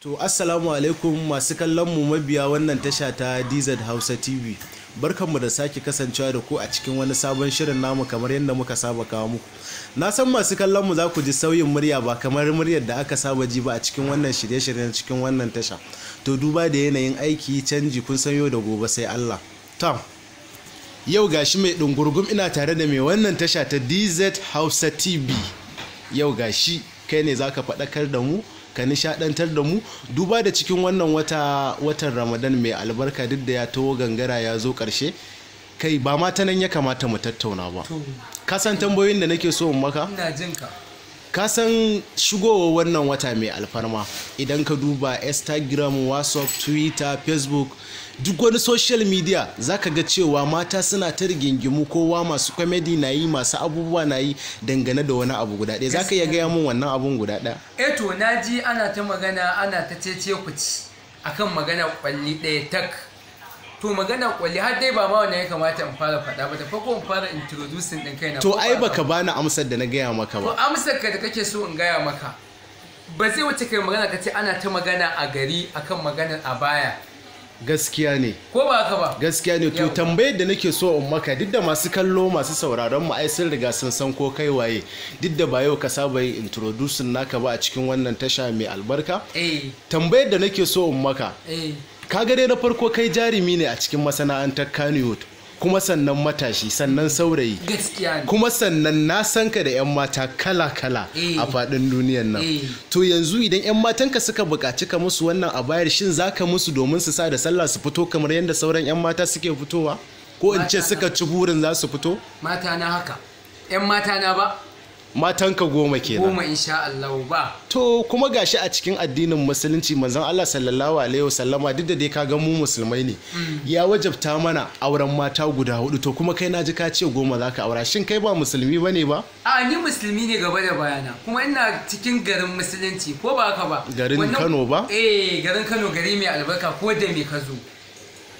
To assalamu alaikum masu kallon mu mabiya wannan tasha ta DZ Hausa TV. Barkanmu da sake kasancewa da ku a cikin wani sabon shirin namu kamar yadda muka saba kawo muku. Na san masu kallon mu za ku ji sauyin murya ba kamar muryar da aka saba ji ba a cikin wannan shirye-shiryen cikin wannan tasha. To duba da yanayin aiki canji kun san yau da gobe sai Allah. Tom. Yau gashi mai dungurgum ina tare da mai wannan tasha ta DZ Hausa TV. Yau gashi kai ne zaka faɗakar da mu ka nishadantar da mu duba da cikin wannan wata watan ramadan mai albarka duk da ya taho gangara ya zo karshe kai ba ma ta nan ya kamata mu tattauna ba ka san tambayoyin da nake so maka ka san shigowa wannan wata mai alfarma idan ka duba instagram whatsapp twitter facebook duk wani social media ka ga cewa mata suna ta rigingimu kowa masu kwamedi na yi masu abubuwa na yi dangane da wani abu guda ɗaya ka iya gaya min wannan abun guda ɗaya eto eh na ji ana ta magana ana ta cece ci akan magana kwalli ɗaya tak to magana kwalli har dai ba ma wani ya kamata in fara faɗa ba ta farko in fara introducing ɗin kaina to ai baka bani amsar da na gaya maka ba to amsar ka da kake so in gaya maka ba zai wuce kai magana ka ce ana ta magana a gari akan magana a baya gaskiya ne ko ba haka ba gaskiya ne to tambayar da nake so in maka duk da masu kallo masu sauraron mu ai sun riga sun san ko kai waye duk da ba yau ka saba yin introdusin naka ba a cikin wannan tasha mai albarka eh tambayar da nake so in maka eh ka gare na farko kai jarumi ne a cikin masana'antar Kannywood kuma sannan matashi sannan mm. saurayi kuma sannan na san ka da 'yan mata kala-kala eh. a faɗin duniyan nan eh. to yanzu idan 'yan matanka suka buƙaci ka musu wannan a bayar shin za ka musu domin su sa da sallah su fito kamar yadda sauran 'yan mata suke fitowa ko in ce suka ci burin za su fito mata na haka 'yan mata na ba matanka goma kenan goma insha Allah ba to kuma gashi a cikin addinin musulunci manzon Allah sallallahu alaihi wasallama duk da dai ka ga mu musulmai ne mm. ya wajabta mana auren mata guda hudu to kuma kai naji ka ce goma zaka aura shin kai ba musulmi bane ba a ni musulmi ne gaba da bayana kuma ina cikin garin musulunci ko ba haka ba garin Kano ba eh garin Kano gari mai albarka ko da mai kazo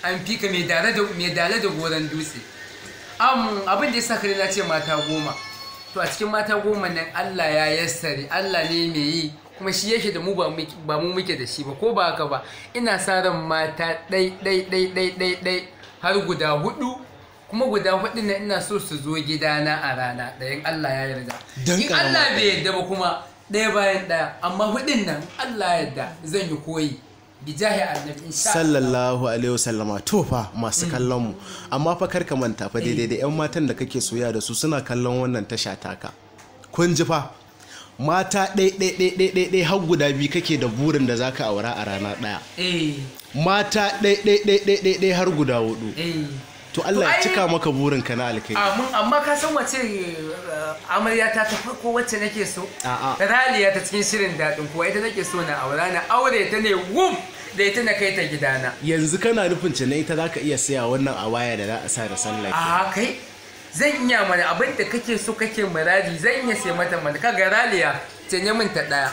an fika mai dare da mai dare da goran dutse am abin da yasa kare na ce mata goma to a cikin mata goma nan Allah ya yassare Allah ne mai yi kuma shi yake da mu ba mu muke da shi ba ko ba haka ba ina sa ran mata ɗai ɗai ɗai ɗai ɗai dai har guda hudu kuma guda hudu na ina so su zo gidana a rana ɗayan Allah ya yarda in Allah bai yarda ba kuma ɗaya bayan ɗaya amma hudun nan Allah ya yarda zan yi koyi sallallahu alaihi wasallama to fa masu kallon mu amma fa kar ka manta fa daidai da yan eh. matan da kake soya da su suna kallon wannan tasha taka kun ji fa mata ɗai har guda biyu kake da burin da zaka aura a rana ɗaya eh. mata ɗai har guda hudu eh. to Allah ya cika maka burin ka na alkai amma ka san wace uh, amarya ta ta farko wacce nake so raliya ta cikin shirin daɗin kuwa ita nake so na aura na aure ta ne wum da ita na kai ta gidana yanzu kana nufin ce ita za ka iya saya wannan a waya da za a sa da sallah a kai zan iya mana abin da kake so kake muradi zan iya sai mata mana ga raliya canye min ta ɗaya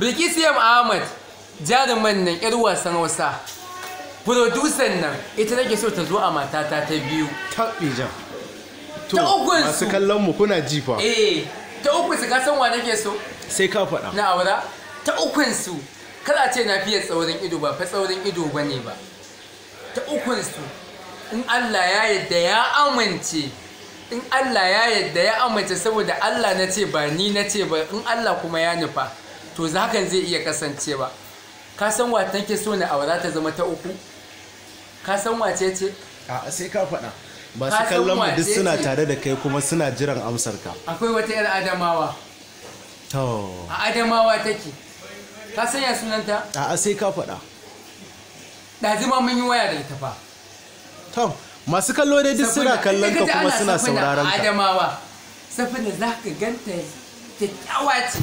bilkisiyam ahmad jaruman nan 'yar wasan hausa producer nan ita nake so ta zo a matata ta biyu ta ijan to masu kallon mu kuna jifa eh ta ukun su ka san wa nake so sai ka faɗa na aura ta ukun su kada ce na fiye tsaurin ido ba fa tsaurin ido bane ba ta ukun su in Allah ya yarda ya amince in Allah ya yarda ya amince saboda Allah na ce ba ni na ce ba in Allah kuma ya nufa to hakan zai iya kasancewa ka san wa take so na aura ta zama ta uku ka san wace ce a sai ka faɗa masu kallon mu duk suna tare da kai kuma suna jiran amsar ka akwai wata yar adamawa to a adamawa take ka san ya sunanta a sai ka faɗa ma mun yi waya da ita fa to masu kallo dai duk suna kallon ka kuma suna sauraron ka adamawa saboda za ka ganta kyakkyawa ce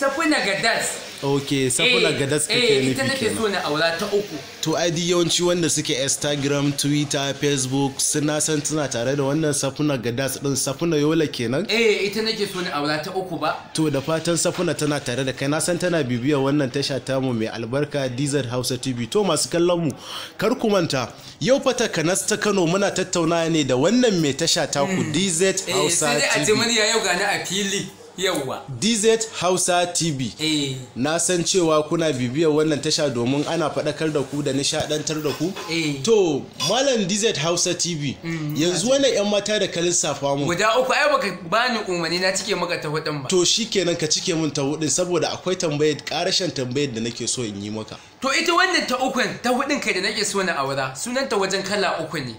safina ga das ok saboda ga daska ke nufi ita nake so na aura ta uku to ai yawanci wanda suke instagram twitter facebook suna san tana tare da wannan safuna gadas din safuna yola kenan eh ita nake so na aura ta uku ba to da fatan safuna tana tare da kai na san tana bibiyar wannan tasha mu mai albarka dizar hausa tv to masu kallon mu kar ku manta yau fata kanas ta kano muna tattauna ne da wannan mai tasha ku hmm. dz eh, hausa tv sai dai a ce yau gani a fili yawwa dz hausa tv eh. na san cewa kuna bibiyar wannan tasha domin ana faɗakar da ku da nishaɗantar da ku eh. to malam dz hausa tv mm, yanzu wani yan mata da kalin safa mu guda uku ai baka bani umarni na cike maka ta hudun ba to shikenan ka cike mun ta hudun saboda akwai tambayar karashin tambayar da nake so in yi maka to ita wannan ta ukun ta hudun kai da nake so na aura sunanta wajen kala uku ne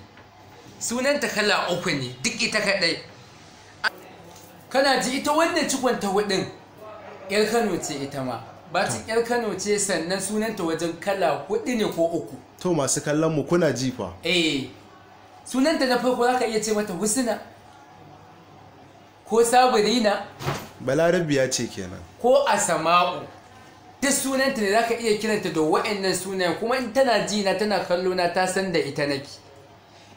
sunanta kala uku ne duk ita kadai kana ji ita wannan cikon ta hudun yar kano ce ita ma ta yar kano ce sannan sunanta wajen kala hudu ne ko uku to masu kallon mu kuna ji fa eh sunanta na farko za ka iya ce mata husna ko sabirina balarabiya ce kenan ko asama'u duk sunanta ne za ka iya kiranta da wa'annan sunayen kuma in tana ji na tana kallo na ta san da ita nake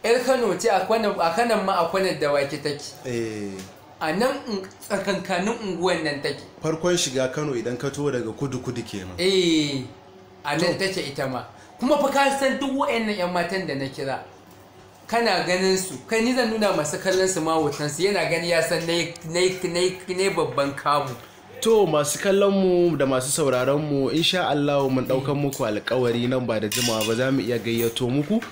yar kano ce a kanan ma a kwanan da wake take eh a nan tsakankanin unguwan nan take farkon shiga kano idan ka tuwo daga kudu kudu kenan eh a nan take ita ma kuma fa ka san duk wayannan yan matan da na kira kana ganin su kai ni zan nuna masu kallon su ma hoton su yana gani ya san ne babban kamu To masu kallon mu da masu sauraron mu insha Allah mun daukan muku alkawari nan ba da jimawa ba za mu iya gayyato muku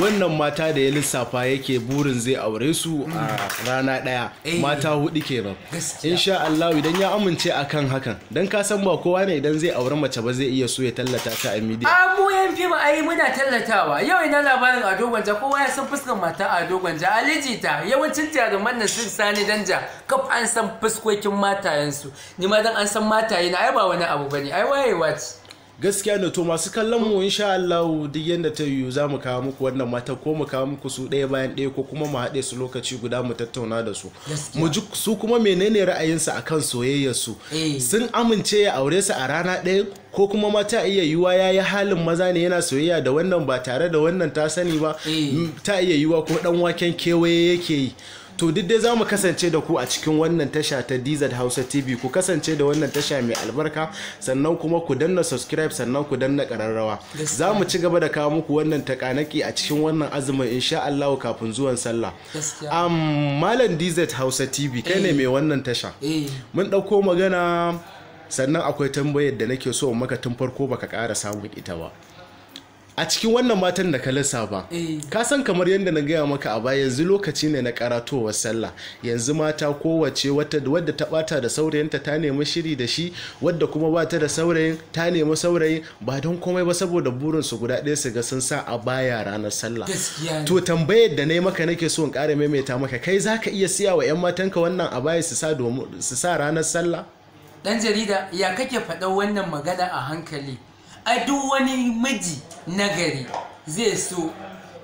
wannan mata da ya lissafa yake burin zai aure su a rana ɗaya eh. mata hudu kenan insha Allah idan ya amince akan hakan dan ka san ba kowa ne idan zai aure mace ba zai iya so ya tallata ta a media a mu yan fim ai muna tallatawa yau ina labarin Ado Gwanja kowa ya san fuskar mata Ado Gwanja Alijita yawancin jaruman nan sun sani danja kaf an san fuskokin matayensu ni ma dan an san mataye na ai ba wani abu bane ai waye ce gaskiya ne to masu kallon mu insha Allah duk yanda ta yiwu za kawo muku wannan mata ko mu kawo muku su ɗaya bayan ɗaya ko kuma mu haɗe su lokaci guda mu tattauna da su mu ji su kuma menene ra'ayinsu akan soyayyar su eh. sun amince ya aure su a rana ɗaya ko kuma ma iya yiwa ya yi halin maza ne yana soyayya da wannan ba tare da wannan ta sani ba eh. ta iya yiwa ko dan waken kewaye yake yi to duk dai za mu kasance da ku a cikin wannan tasha ta dizard hausa tv ku kasance da wannan tasha mai albarka sannan kuma ku danna subscribe sannan ku danna kararrawa za mu ci gaba da kawo muku wannan takanaki a cikin wannan azumin insha Allah kafin zuwan sallah am malam dizard hausa tv kai ne eh. mai wannan tasha eh. mun dauko magana sannan akwai tambayar da nake so maka tun farko baka ƙara samun ita ba a cikin wannan matan da ka ba. Eh. ka san kamar yadda na gaya maka a baya yanzu lokaci ne na karatowar sallah yanzu mata kowace wadda ta bata da saurayinta ta nemi shiri da shi wadda kuma bata da saurayin ta nemi saurayin ba don komai ba saboda burin su guda ɗaya su ga sun sa a baya ranar sallah to tambayar da na maka nake so in ƙara maimaita maka kai zaka iya siya wa 'yan matanka wannan a baya su sa ranar sallah dan jarida ya kake faɗa wannan magana a hankali a duk wani miji nagari zai so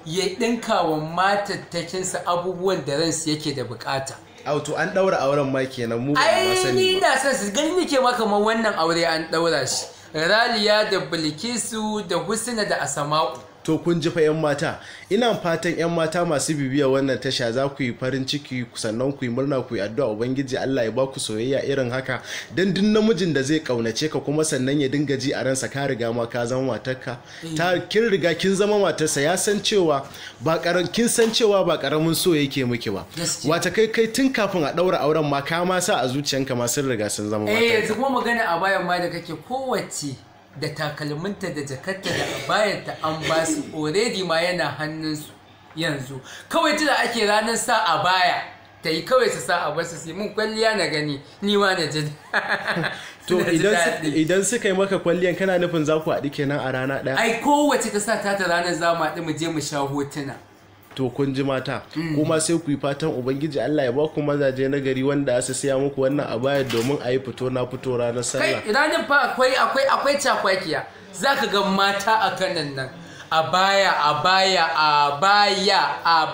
ya ɗinka wa matattakinsa abubuwan da ransu yake da bukata auto an daura auren ma kenan mu ba ni na san su gani nake ma kamar wannan aure an ɗaura shi Raliya da Bilkisu da Husna da Asma'u. to kun ji fa 'yan mata ina fatan 'yan mata masu bibiya wannan tasha za ku yi farin ciki sannan ku yi murna ku yi addu'a ubangiji Allah ya ba ku soyayya irin haka don duk namijin da zai kaunace ka kuma sannan ya dinga ji a ransa ka riga ma ka zama matarka ta kin riga kin zama matarsa ya san cewa ba karan kin san cewa ba karamin so yake miki ba wata kai kai tun kafin a daura auren ma ka ma sa a zuciyanka ma sun riga sun zama eh, matarka eh yanzu kuma magana a bayan ma da kake kowace da takalminta da jakarta da bayanta an ba su already ma yana hannunsu yanzu kawai jira ake ranar sa a baya ta yi kawai su sa a basu su mun kwalliya na gani ni ma na ji to idan suka yi maka kwalliyan kana nufin za ku haɗu kenan a rana ɗaya ai kowace ta sa ta ta ranar za mu haɗu mu je mu sha hotuna to kun ji mata kuma sai ku yi fatan ubangiji Allah ya ba ku mazaje na gari wanda asa saya muku wannan abaya domin a yi fito na fito ranar sallah kai ranar fa akwai akwai akwai cakwakiya zaka ga mata a kanan nan a baya a baya a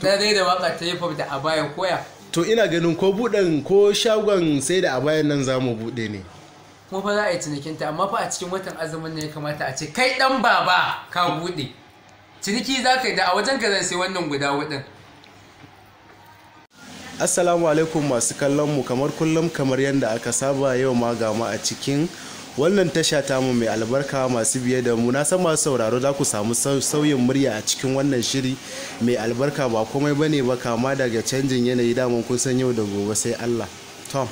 dai da waka ta yi da a koya to ina ganin ko buɗin ko shagon sai da a bayan nan zamu buɗe ne kuma fa za a yi cinikinta amma fa a cikin watan azumin ne ya kamata a ce kai ɗan baba ka buɗe ciniki za ka yi da a wajen ka zan sai wannan guda hudun assalamu alaikum masu kallon mu kamar kullum kamar yadda aka saba yau ma ga mu a cikin wannan tasha mu mai albarka masu biye da mu na san masu sauraro za ku samu sauyin murya a cikin wannan shiri mai albarka ba komai bane ba kama daga canjin yanayi daman kun san yau da gobe sai Allah tom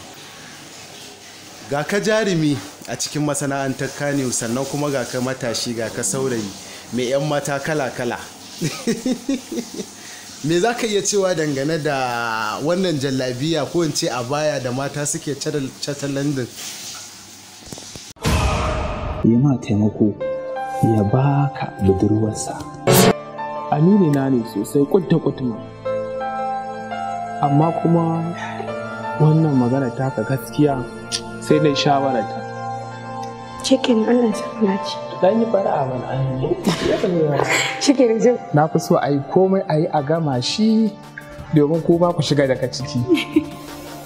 ga ka jarumi a cikin masana'antar kaniyu sannan kuma ga ka matashi ga ka saurayi mai 'yan mata kala-kala me za ka iya cewa dangane da wannan jallabiya ko in ce a baya da mata suke cata london ya ma taimako ya baka budurwarsa amini na ne sosai kudda kwatuma amma kuma wannan magana ta ka gaskiya sai dai shawararta cikin allah ce dan yi fara mana an na fi so a yi komai a yi a gama shi domin ko ba ku shiga daga ciki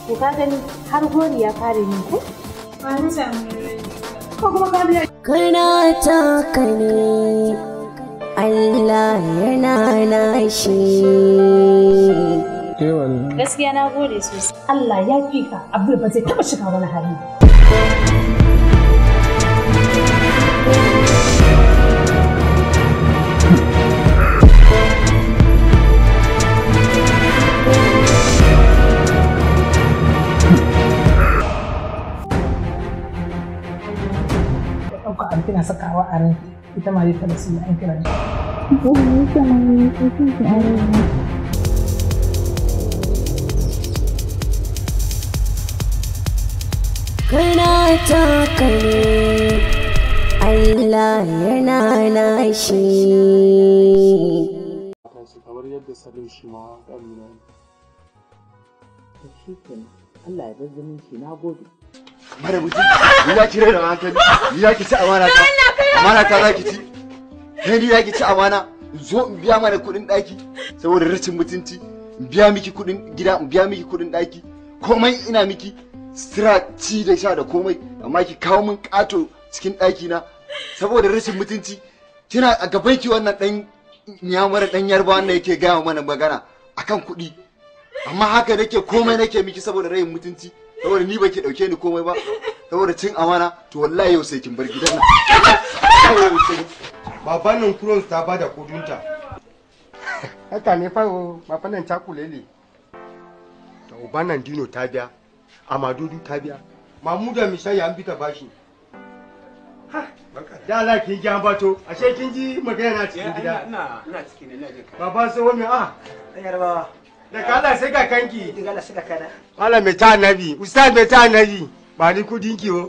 to ka gani har gori ya fara yin ko ko kuma ka biya kana ta kane Allah yana eh, Gaskiya na gode sosai. Allah ya fika abu ba zai shiga wani hali. kina sakawa a ran ita ma ta da sun an kira Kana taka ne Allah yana nashi. kamar yadda salim shi ma ƙamina ne. Allah ya bar zumunci na gode. mara mutum ni za ki da hankali ni ki ci amana ta amana ta za ki ci ni ni ki ci amana zo in biya mana kuɗin ɗaki saboda rashin mutunci in biya miki kuɗin gida in biya miki kuɗin ɗaki komai ina miki sira ci da sha da komai amma ki kawo min ƙato cikin ɗaki na saboda rashin mutunci kina a gaban ki wannan ɗan nyamara ɗan yarba wanda yake gaya mana magana akan kuɗi amma haka nake komai nake miki saboda rayin mutunci saboda ni baki dauke ni komai ba saboda cin amana to wallahi yau sai kin bar gidan nan baban nan kuron ta bada kudinta haka ne fa o oh, baban nan kulele da uban nan dino ta biya du ta biya mamuda misali an bita bashi da za ki an bato ashe kin ji magana cikin gida ina ina cikin ina jin baba sai wani a ah. yarbawa da Allah sai ka kanki Allah sai ka kana malam mai ta annabi ustaz mai ta annabi ba ni kudin kiwo